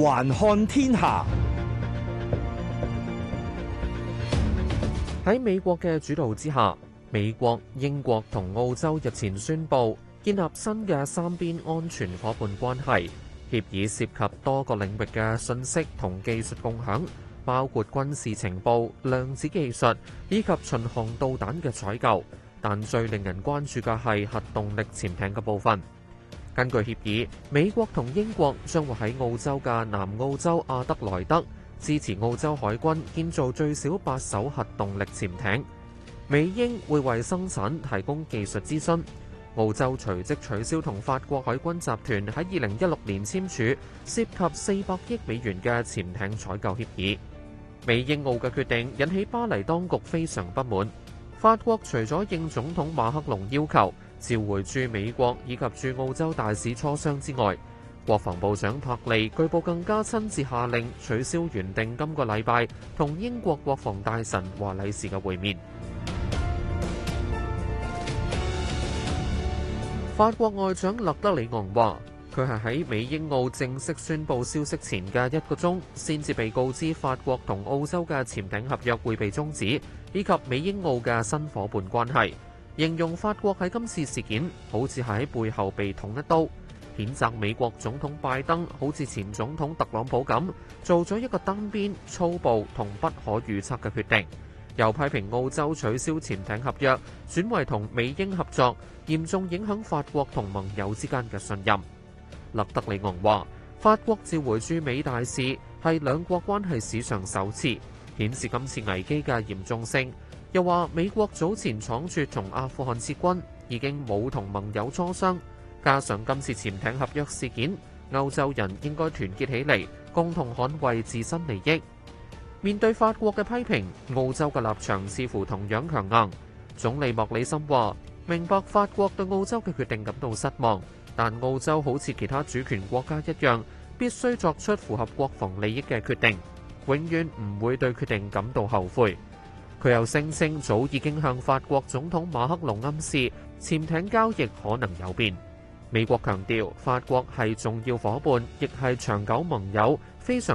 環看天下。喺美國嘅主導之下，美國、英國同澳洲日前宣布建立新嘅三邊安全伙伴關係，協議涉及多個領域嘅信息同技術共享，包括軍事情報、量子技術以及巡航導彈嘅採購。但最令人關注嘅係核動力潛艇嘅部分。根據協議，美國同英國將會喺澳洲嘅南澳洲阿德萊德支持澳洲海軍建造最少八艘核動力潛艇。美英會為生產提供技術諮詢。澳洲隨即取消同法國海軍集團喺二零一六年簽署涉及四百億美元嘅潛艇採購協議。美英澳嘅決定引起巴黎當局非常不滿。法國除咗應總統馬克龍要求召回駐美國以及駐澳洲大使磋商之外，國防部長帕利據報更加親自下令取消原定今個禮拜同英國國防大臣華里士嘅會面。法國外長勒德里昂話。佢係喺美英澳正式宣布消息前嘅一個鐘先至被告知法國同澳洲嘅潛艇合約會被終止，以及美英澳嘅新伙伴關係。形容法國喺今次事件好似喺背後被捅一刀，譴責美國總統拜登好似前總統特朗普咁做咗一個單邊粗暴同不可預測嘅決定，又批評澳洲取消潛艇合約轉為同美英合作，嚴重影響法國同盟友之間嘅信任。勒德里昂話，法國召回駐美大使係兩國關係史上首次，顯示今次危機嘅嚴重性。又話美國早前倉卒，同阿富汗撤軍已經冇同盟友磋商，加上今次潛艇合約事件，歐洲人應該團結起嚟，共同捍衛自身利益。面對法國嘅批評，澳洲嘅立場似乎同樣強硬。總理莫里森話：明白法國對澳洲嘅決定感到失望。但澳洲好似其他主權國家一樣，必須作出符合國防利益嘅決定，永遠唔會對決定感到後悔。佢又聲稱，早已經向法國總統馬克龍暗示，潛艇交易可能有變。美國強調，法國係重要夥伴，亦係長久盟友，非常。